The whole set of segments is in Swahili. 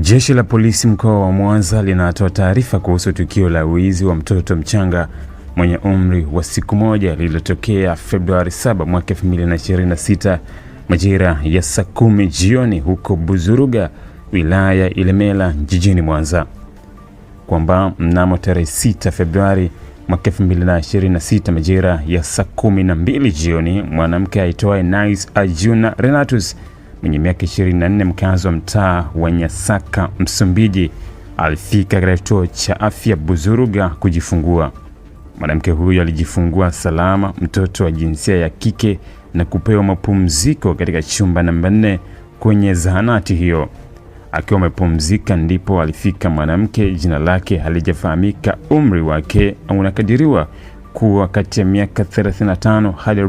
Jeshi la polisi mkoa wa Mwanza linatoa taarifa kuhusu tukio la wizi wa mtoto mchanga mwenye umri wa siku moja lililotokea Februari 7 mwaka 2026 majira ya saa kumi jioni huko Buzuruga, wilaya ya Ilemela jijini Mwanza, kwamba mnamo tarehe 6 Februari mwaka 2026 majira ya saa kumi na mbili jioni mwanamke aitwaye Nice Ajuna Renatus mwenye miaka 24 mkazi wa mtaa wa Nyasaka, Msumbiji, alifika katika kituo cha afya Buzuruga kujifungua. Mwanamke huyo alijifungua salama mtoto wa jinsia ya kike na kupewa mapumziko katika chumba namba 4 kwenye zahanati hiyo. Akiwa amepumzika ndipo alifika mwanamke, jina lake halijafahamika. Umri wake unakadiriwa kuwa kati ya miaka 35 hadi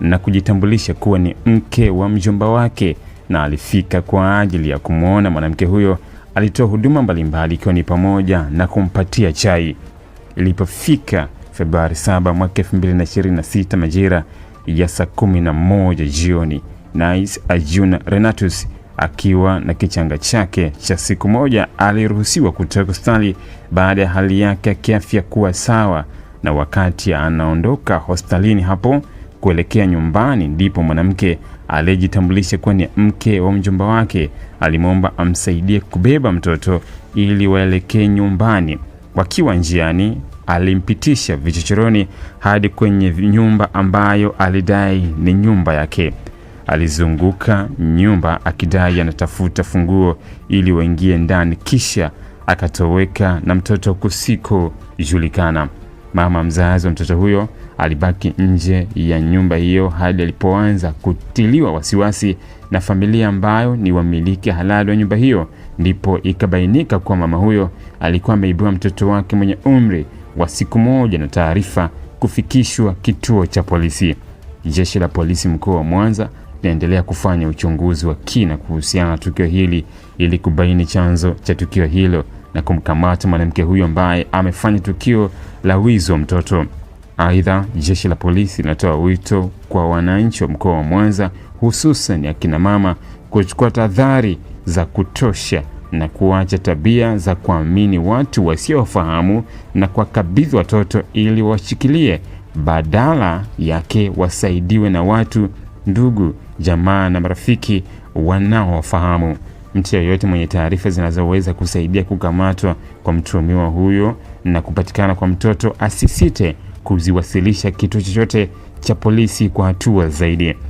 na kujitambulisha kuwa ni mke wa mjomba wake na alifika kwa ajili ya kumwona mwanamke huyo. Alitoa huduma mbalimbali ikiwa ni pamoja na kumpatia chai. Ilipofika Februari 7 mwaka 2026 majira ya saa 11 jioni, Nice Ajuna Renatus akiwa na kichanga chake cha siku moja aliruhusiwa kutoka hospitali baada ya hali yake ya kiafya kuwa sawa, na wakati anaondoka hospitalini hapo Kuelekea nyumbani ndipo mwanamke aliyejitambulisha kuwa ni mke wa mjomba wake alimwomba amsaidie kubeba mtoto ili waelekee nyumbani. Wakiwa njiani, alimpitisha vichochoroni hadi kwenye nyumba ambayo alidai ni nyumba yake. Alizunguka nyumba akidai anatafuta funguo ili waingie ndani, kisha akatoweka na mtoto kusikojulikana. Mama mzazi wa mtoto huyo alibaki nje ya nyumba hiyo hadi alipoanza kutiliwa wasiwasi na familia ambayo ni wamiliki halali wa nyumba hiyo, ndipo ikabainika kuwa mama huyo alikuwa ameibua mtoto wake mwenye umri wa siku moja na taarifa kufikishwa kituo cha polisi. Jeshi la polisi mkoa wa Mwanza linaendelea kufanya uchunguzi wa kina kuhusiana na tukio hili ili kubaini chanzo cha tukio hilo na kumkamata mwanamke huyo ambaye amefanya tukio la wizi wa mtoto. Aidha, jeshi la polisi linatoa wito kwa wananchi wa mkoa wa Mwanza, hususan akina mama kuchukua tahadhari za kutosha na kuacha tabia za kuamini watu wasiofahamu na kuwakabidhi watoto ili washikilie, badala yake wasaidiwe na watu, ndugu, jamaa na marafiki wanaofahamu. Mtu yeyote mwenye taarifa zinazoweza kusaidia kukamatwa kwa mtuhumiwa huyo na kupatikana kwa mtoto asisite kuziwasilisha kituo chochote cha polisi kwa hatua zaidi.